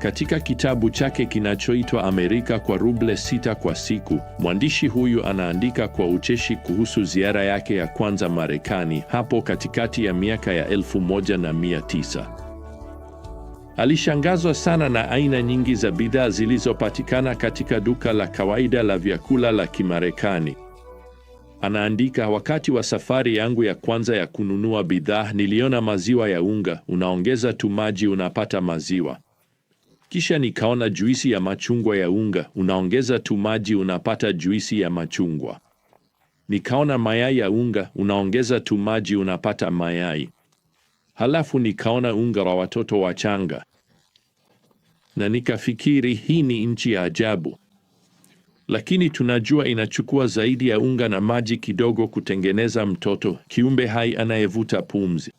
Katika kitabu chake kinachoitwa Amerika kwa ruble sita kwa siku, mwandishi huyu anaandika kwa ucheshi kuhusu ziara yake ya kwanza Marekani hapo katikati ya miaka ya elfu moja na mia tisa. Alishangazwa sana na aina nyingi za bidhaa zilizopatikana katika duka la kawaida la vyakula la Kimarekani. Anaandika, wakati wa safari yangu ya kwanza ya kununua bidhaa, niliona maziwa ya unga, unaongeza tu maji unapata maziwa. Kisha nikaona juisi ya machungwa ya unga, unaongeza tu maji unapata juisi ya machungwa. Nikaona mayai ya unga, unaongeza tu maji unapata mayai. Halafu nikaona unga wa watoto wachanga, na nikafikiri hii ni nchi ya ajabu. Lakini tunajua inachukua zaidi ya unga na maji kidogo kutengeneza mtoto, kiumbe hai anayevuta pumzi.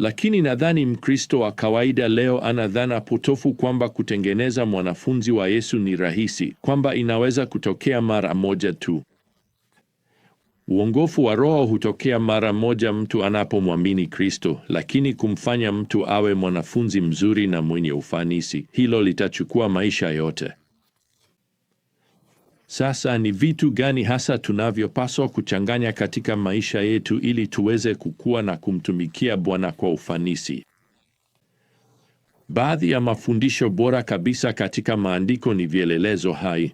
Lakini nadhani Mkristo wa kawaida leo ana dhana potofu kwamba kutengeneza mwanafunzi wa Yesu ni rahisi, kwamba inaweza kutokea mara moja tu. Uongofu wa roho hutokea mara moja mtu anapomwamini Kristo, lakini kumfanya mtu awe mwanafunzi mzuri na mwenye ufanisi, hilo litachukua maisha yote. Sasa ni vitu gani hasa tunavyopaswa kuchanganya katika maisha yetu ili tuweze kukua na kumtumikia Bwana kwa ufanisi? Baadhi ya mafundisho bora kabisa katika maandiko ni vielelezo hai.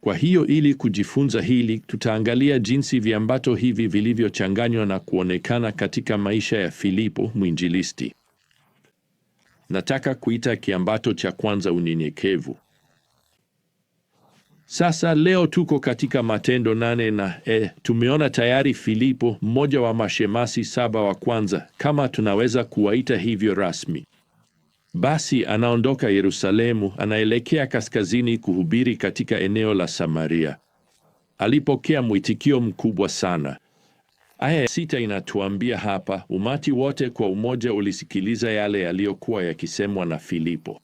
Kwa hiyo ili kujifunza hili, tutaangalia jinsi viambato hivi vilivyochanganywa na kuonekana katika maisha ya Filipo mwinjilisti. Nataka kuita kiambato cha kwanza unyenyekevu. Sasa leo tuko katika Matendo nane na e, tumeona tayari Filipo, mmoja wa mashemasi saba wa kwanza, kama tunaweza kuwaita hivyo rasmi. Basi anaondoka Yerusalemu, anaelekea kaskazini kuhubiri katika eneo la Samaria. Alipokea mwitikio mkubwa sana. Aya ya sita inatuambia hapa, umati wote kwa umoja ulisikiliza yale yaliyokuwa yakisemwa na Filipo.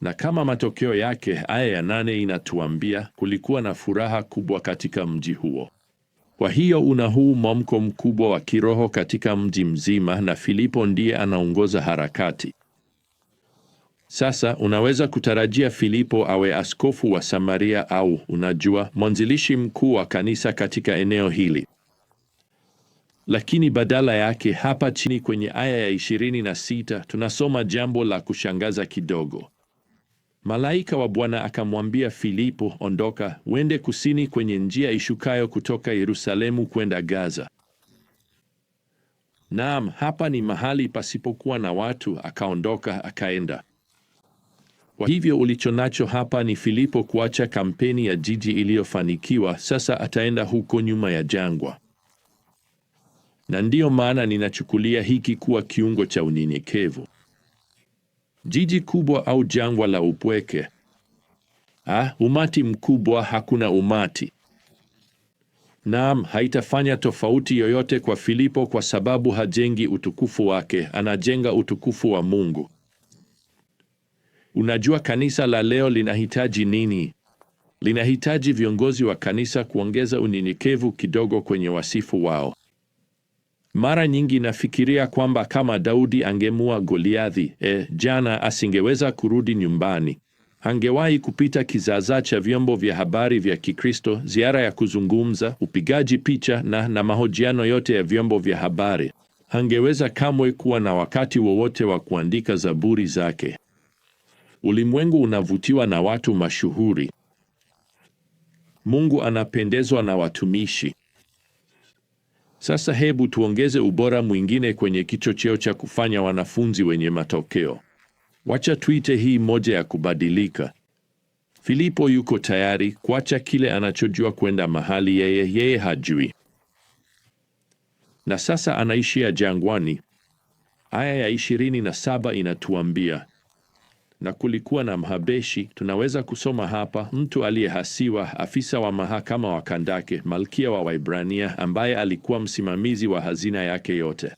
Na kama matokeo yake, aya ya nane inatuambia kulikuwa na furaha kubwa katika mji huo. Kwa hiyo una huu mwamko mkubwa wa kiroho katika mji mzima, na Filipo ndiye anaongoza harakati. Sasa unaweza kutarajia Filipo awe askofu wa Samaria au unajua, mwanzilishi mkuu wa kanisa katika eneo hili. Lakini badala yake, hapa chini kwenye aya ya 26 tunasoma jambo la kushangaza kidogo. Malaika wa Bwana akamwambia Filipo, ondoka uende kusini kwenye njia ishukayo kutoka Yerusalemu kwenda Gaza. Naam, hapa ni mahali pasipokuwa na watu. Akaondoka akaenda. Kwa hivyo ulichonacho hapa ni Filipo kuacha kampeni ya jiji iliyofanikiwa. Sasa ataenda huko nyuma ya jangwa, na ndiyo maana ninachukulia hiki kuwa kiungo cha unyenyekevu. Jiji kubwa au jangwa la upweke? Ah, umati mkubwa, hakuna umati. Naam, haitafanya tofauti yoyote kwa Filipo kwa sababu hajengi utukufu wake, anajenga utukufu wa Mungu. Unajua kanisa la leo linahitaji nini? Linahitaji viongozi wa kanisa kuongeza unyenyekevu kidogo kwenye wasifu wao. Mara nyingi nafikiria kwamba kama Daudi angemua Goliathi, e, jana asingeweza kurudi nyumbani. Angewahi kupita kizaazaa cha vyombo vya habari vya Kikristo, ziara ya kuzungumza, upigaji picha na na mahojiano yote ya vyombo vya habari. angeweza kamwe kuwa na wakati wowote wa kuandika zaburi zake. Ulimwengu unavutiwa na watu mashuhuri. Mungu anapendezwa na watumishi. Sasa hebu tuongeze ubora mwingine kwenye kichocheo cha kufanya wanafunzi wenye matokeo. Wacha tuite hii moja ya kubadilika. Filipo yuko tayari kuacha kile anachojua kwenda mahali yeye yeye hajui, na sasa anaishia jangwani. Aya ya 27 inatuambia na kulikuwa na Mhabeshi, tunaweza kusoma hapa, mtu aliyehasiwa, afisa wa mahakama wa Kandake, malkia wa Waibrania, ambaye alikuwa msimamizi wa hazina yake yote.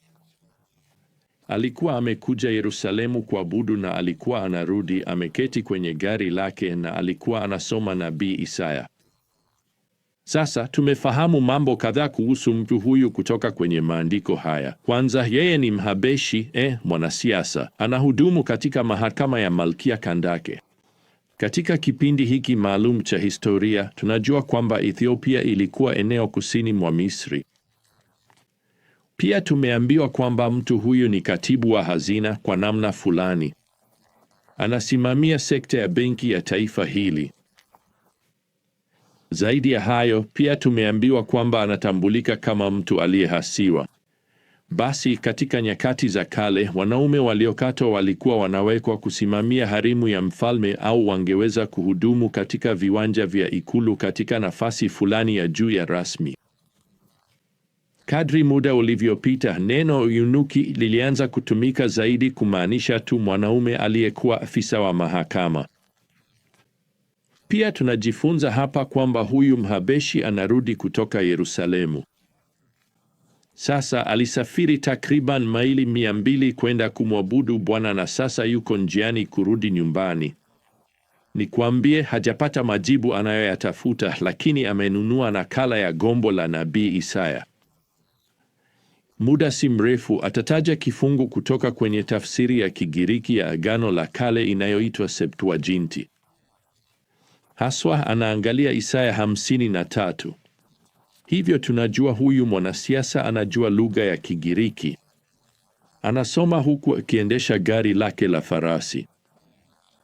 Alikuwa amekuja Yerusalemu kuabudu na alikuwa anarudi ameketi kwenye gari lake, na alikuwa anasoma nabii Isaya. Sasa tumefahamu mambo kadhaa kuhusu mtu huyu kutoka kwenye maandiko haya. Kwanza, yeye ni Mhabeshi, eh, mwanasiasa. Anahudumu katika mahakama ya Malkia Kandake. Katika kipindi hiki maalum cha historia, tunajua kwamba Ethiopia ilikuwa eneo kusini mwa Misri. Pia tumeambiwa kwamba mtu huyu ni katibu wa hazina kwa namna fulani. Anasimamia sekta ya benki ya taifa hili. Zaidi ya hayo, pia tumeambiwa kwamba anatambulika kama mtu aliyehasiwa. Basi katika nyakati za kale, wanaume waliokatwa walikuwa wanawekwa kusimamia harimu ya mfalme au wangeweza kuhudumu katika viwanja vya ikulu katika nafasi fulani ya juu ya rasmi. Kadri muda ulivyopita, neno yunuki lilianza kutumika zaidi kumaanisha tu mwanaume aliyekuwa afisa wa mahakama. Pia tunajifunza hapa kwamba huyu Mhabeshi anarudi kutoka Yerusalemu. Sasa alisafiri takriban maili mia mbili kwenda kumwabudu Bwana na sasa yuko njiani kurudi nyumbani. Nikwambie, hajapata majibu anayoyatafuta, lakini amenunua nakala ya gombo la nabii Isaya. Muda si mrefu atataja kifungu kutoka kwenye tafsiri ya Kigiriki ya Agano la Kale inayoitwa Septuaginti. Haswa anaangalia Isaya hamsini na tatu. Hivyo tunajua huyu mwanasiasa anajua lugha ya Kigiriki. Anasoma huku akiendesha gari lake la farasi.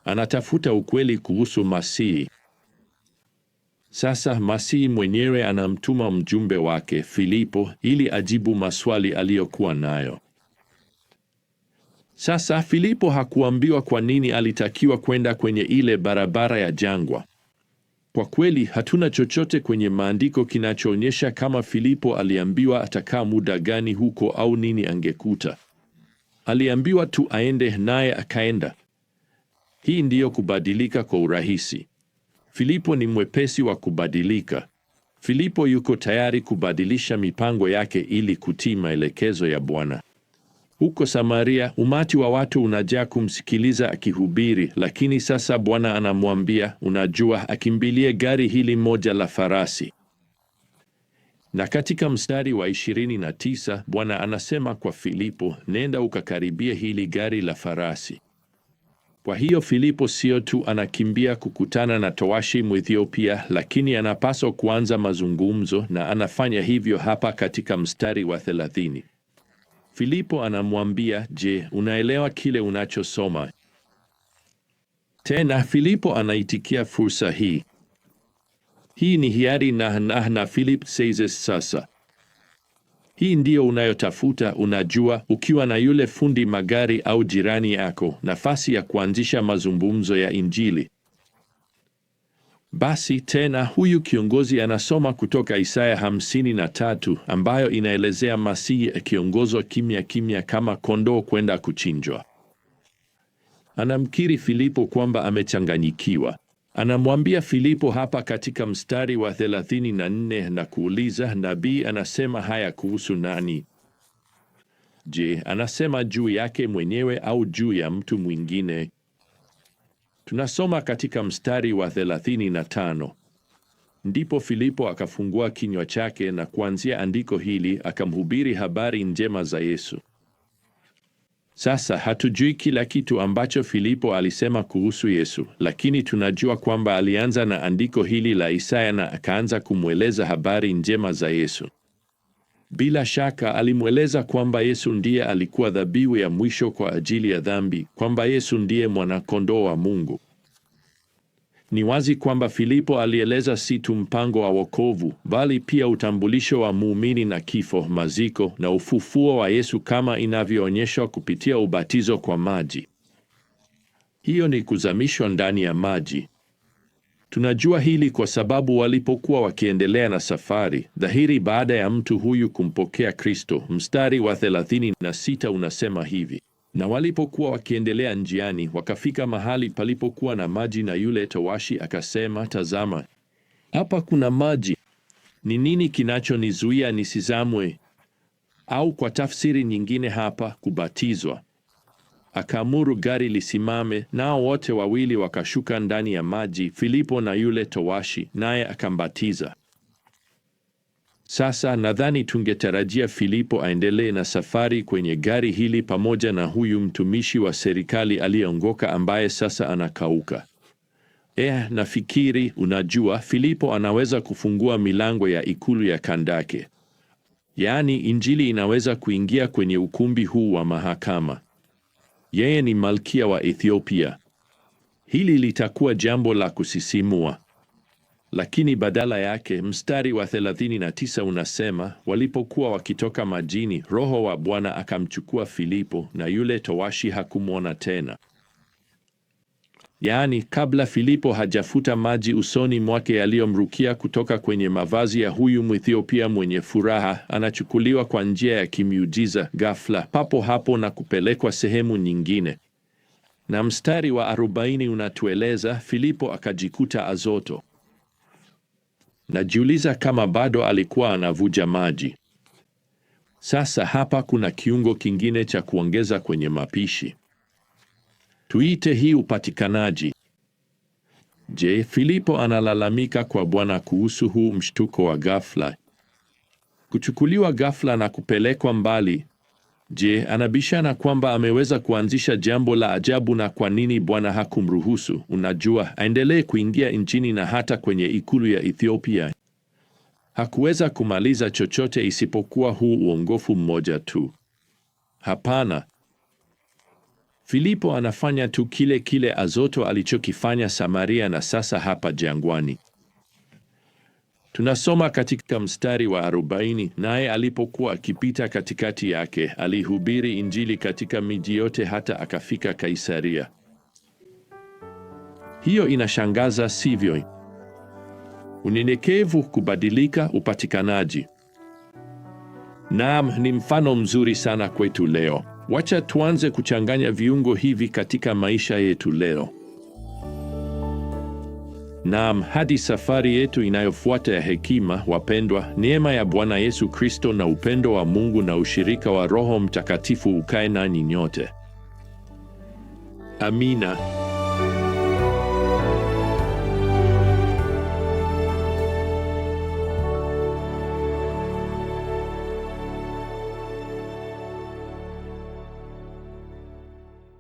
Anatafuta ukweli kuhusu Masihi. Sasa Masihi mwenyewe anamtuma mjumbe wake Filipo ili ajibu maswali aliyokuwa nayo. Sasa Filipo hakuambiwa kwa nini alitakiwa kwenda kwenye ile barabara ya jangwa. Kwa kweli hatuna chochote kwenye maandiko kinachoonyesha kama Filipo aliambiwa atakaa muda gani huko au nini angekuta. Aliambiwa tu aende, naye akaenda. Hii ndiyo kubadilika kwa urahisi. Filipo ni mwepesi wa kubadilika. Filipo yuko tayari kubadilisha mipango yake ili kutii maelekezo ya Bwana. Huko Samaria umati wa watu unajaa kumsikiliza akihubiri, lakini sasa Bwana anamwambia, unajua, akimbilie gari hili moja la farasi. Na katika mstari wa 29 Bwana anasema kwa Filipo, nenda ukakaribie hili gari la farasi. Kwa hiyo Filipo sio tu anakimbia kukutana na towashi Mwethiopia, lakini anapaswa kuanza mazungumzo, na anafanya hivyo hapa katika mstari wa thelathini. Filipo anamwambia, "Je, unaelewa kile unachosoma?" Tena Filipo anaitikia fursa hii. Hii ni hiari na na, na Philip says sasa. Hii ndiyo unayotafuta, unajua, ukiwa na yule fundi magari au jirani yako, nafasi ya kuanzisha mazungumzo ya Injili. Basi tena huyu kiongozi anasoma kutoka Isaya hamsini na tatu ambayo inaelezea Masihi akiongozwa kimya kimya kama kondoo kwenda kuchinjwa. Anamkiri Filipo kwamba amechanganyikiwa. Anamwambia Filipo hapa katika mstari wa 34 na kuuliza, nabii anasema haya kuhusu nani? Je, anasema juu yake mwenyewe au juu ya mtu mwingine? Tunasoma katika mstari wa 35. Ndipo Filipo akafungua kinywa chake na kuanzia andiko hili akamhubiri habari njema za Yesu. Sasa hatujui kila kitu ambacho Filipo alisema kuhusu Yesu, lakini tunajua kwamba alianza na andiko hili la Isaya na akaanza kumweleza habari njema za Yesu. Bila shaka alimweleza kwamba Yesu ndiye alikuwa dhabihu ya mwisho kwa ajili ya dhambi, kwamba Yesu ndiye mwanakondoo wa Mungu. Ni wazi kwamba Filipo alieleza si tu mpango wa wokovu, bali pia utambulisho wa muumini na kifo, maziko na ufufuo wa Yesu kama inavyoonyeshwa kupitia ubatizo kwa maji. Hiyo ni kuzamishwa ndani ya maji. Tunajua hili kwa sababu walipokuwa wakiendelea na safari, dhahiri baada ya mtu huyu kumpokea Kristo, mstari wa 36 unasema hivi: na walipokuwa wakiendelea njiani, wakafika mahali palipokuwa na maji, na yule towashi akasema, tazama, hapa kuna maji, ni nini kinachonizuia nisizamwe? Au kwa tafsiri nyingine hapa, kubatizwa akaamuru gari lisimame, nao wote wawili wakashuka ndani ya maji, Filipo na yule towashi, naye akambatiza. Sasa nadhani tungetarajia Filipo aendelee na safari kwenye gari hili pamoja na huyu mtumishi wa serikali aliyeongoka ambaye sasa anakauka. Eh, nafikiri unajua, Filipo anaweza kufungua milango ya ikulu ya Kandake, yaani Injili inaweza kuingia kwenye ukumbi huu wa mahakama. Yeye ni malkia wa Ethiopia. Hili litakuwa jambo la kusisimua. Lakini badala yake mstari wa 39 unasema, walipokuwa wakitoka majini, Roho wa Bwana akamchukua Filipo, na yule towashi hakumwona tena. Yaani, kabla Filipo hajafuta maji usoni mwake yaliyomrukia kutoka kwenye mavazi ya huyu Mwethiopia mwenye furaha, anachukuliwa kwa njia ya kimiujiza ghafla papo hapo na kupelekwa sehemu nyingine. Na mstari wa arobaini unatueleza Filipo akajikuta Azoto. Najiuliza kama bado alikuwa anavuja maji. Sasa hapa kuna kiungo kingine cha kuongeza kwenye mapishi. Tuite hii upatikanaji. Je, Filipo analalamika kwa Bwana kuhusu huu mshtuko wa ghafla, kuchukuliwa ghafla na kupelekwa mbali? Je, anabishana kwamba ameweza kuanzisha jambo la ajabu na kwa nini Bwana hakumruhusu, unajua, aendelee kuingia nchini na hata kwenye ikulu ya Ethiopia? Hakuweza kumaliza chochote isipokuwa huu uongofu mmoja tu. Hapana. Filipo anafanya tu kile kile Azoto alichokifanya Samaria na sasa hapa jangwani. Tunasoma katika mstari wa arobaini, naye alipokuwa akipita katikati yake, alihubiri Injili katika miji yote hata akafika Kaisaria. Hiyo inashangaza, sivyo? Unyenyekevu, kubadilika, upatikanaji. Naam, ni mfano mzuri sana kwetu leo. Wacha tuanze kuchanganya viungo hivi katika maisha yetu leo. Naam, hadi safari yetu inayofuata ya hekima, wapendwa, neema ya Bwana Yesu Kristo na upendo wa Mungu na ushirika wa Roho Mtakatifu ukae nanyi nyote. Amina.